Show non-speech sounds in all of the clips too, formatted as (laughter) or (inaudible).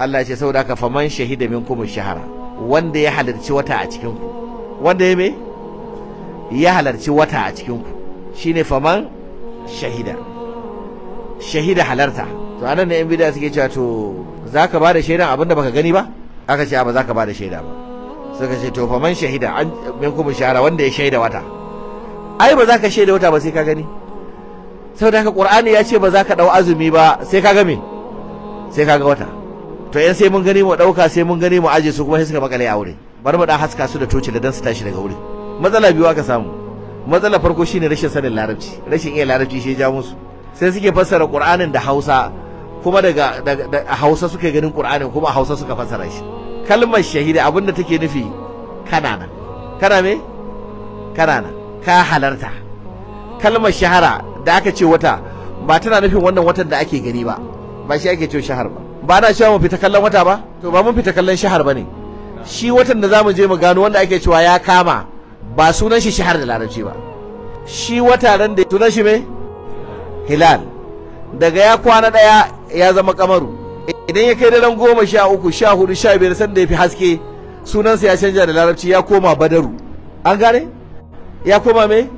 Allah ce saboda haka faman shahida minkum shahara wanda ya halarci wata a cikin ku wanda ya me ya halarci wata a cikin ku shine faman shahida shahida halarta to anan ne yan bid'a suke cewa to zaka bada shaidan abinda baka gani ba aka ce ba zaka bada shaida ba suka ce to faman shahida an minkum shahara wanda ya shaida wata ai ba zaka shaida wata ba sai ka gani saboda haka qur'ani ya ce ba zaka dau azumi ba sai ka ga me sai ka ga wata to yan sai mun gani mu dauka sai mun gani mu aje su kuma sai suka makale aure bari mu dan haska su da toci da dan su tashi daga wuri matsala biyu aka samu matsala farko shine rashin sanin larabci rashin iya larabci shi ja musu sai suke fassara qur'anin da hausa kuma daga hausa suke ganin qur'anin kuma hausa suka fassara shi kalmar shahida abinda take nufi kana kana me kana ka halarta kalmar shahara da aka ce wata ba tana nufin wannan watan da ake gani ba ba shi ake cewa shahar ba ba na cewa mu fita kallon wata ba to ba mun fita kallon shahar ba ne shi watan da zamu je mu gano wanda ake cewa ya kama ba sunan shi shahar da larabci ba shi wata ran da sunan shi me hilal daga ya kwana daya ya zama kamaru idan ya kai daren goma sha uku sha hudu sha biyar sanda ya fi haske sunansa ya canja da larabci ya koma badaru an gane ya koma me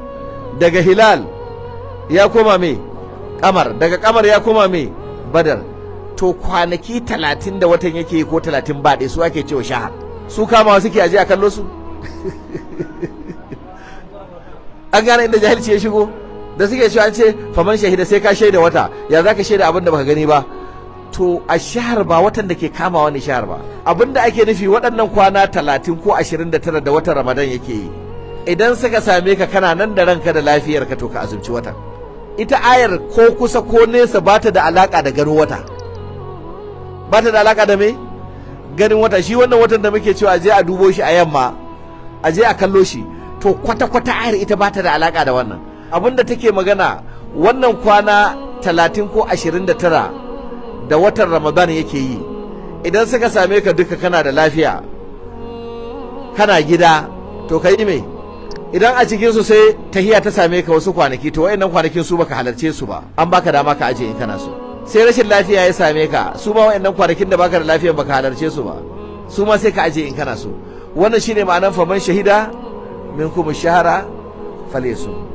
daga hilal ya koma me kamar daga kamar ya koma me badar to kwanaki talatin da watan yake ko talatin ba su ake cewa shahar su kama suke aje a kallo su (laughs) an gane inda jahilci ya shigo da suke cewa an ce faman shahida sai ka shaida wata ya zaka shaida abin da baka gani ba to a shahar ba watan da ke kama wani shahar ba abin da ake nufi waɗannan kwana talatin ko ashirin da tara da watan ramadan yake yi idan suka same ka kana nan da ranka da lafiyarka to ka azumci watan ita ayar ko kusa ko nesa ba ta da alaka da ganin wata ba ta da alaka da me ganin wata shi wannan watan da muke cewa je a dubo shi a yamma a je a kallo shi to kwata-kwata ayar ita ba ta da alaka da wannan abinda take magana wannan kwana talatin ko ashirin da tara da watan ramadan yake yi idan suka same ka duka kana da lafiya kana gida to kai yi mai idan a cikin su sai tahiya ta same ka wasu kwanaki to wayannan kwanakin su baka halarce su ba an baka dama ka aje in kana so sai rashin lafiya ya same ka su ba wayannan kwanakin da baka da lafiya baka halarce su ba su ma sai ka aje in kana so wannan shine ma'anar faman shahida minkum kuma shahara falesu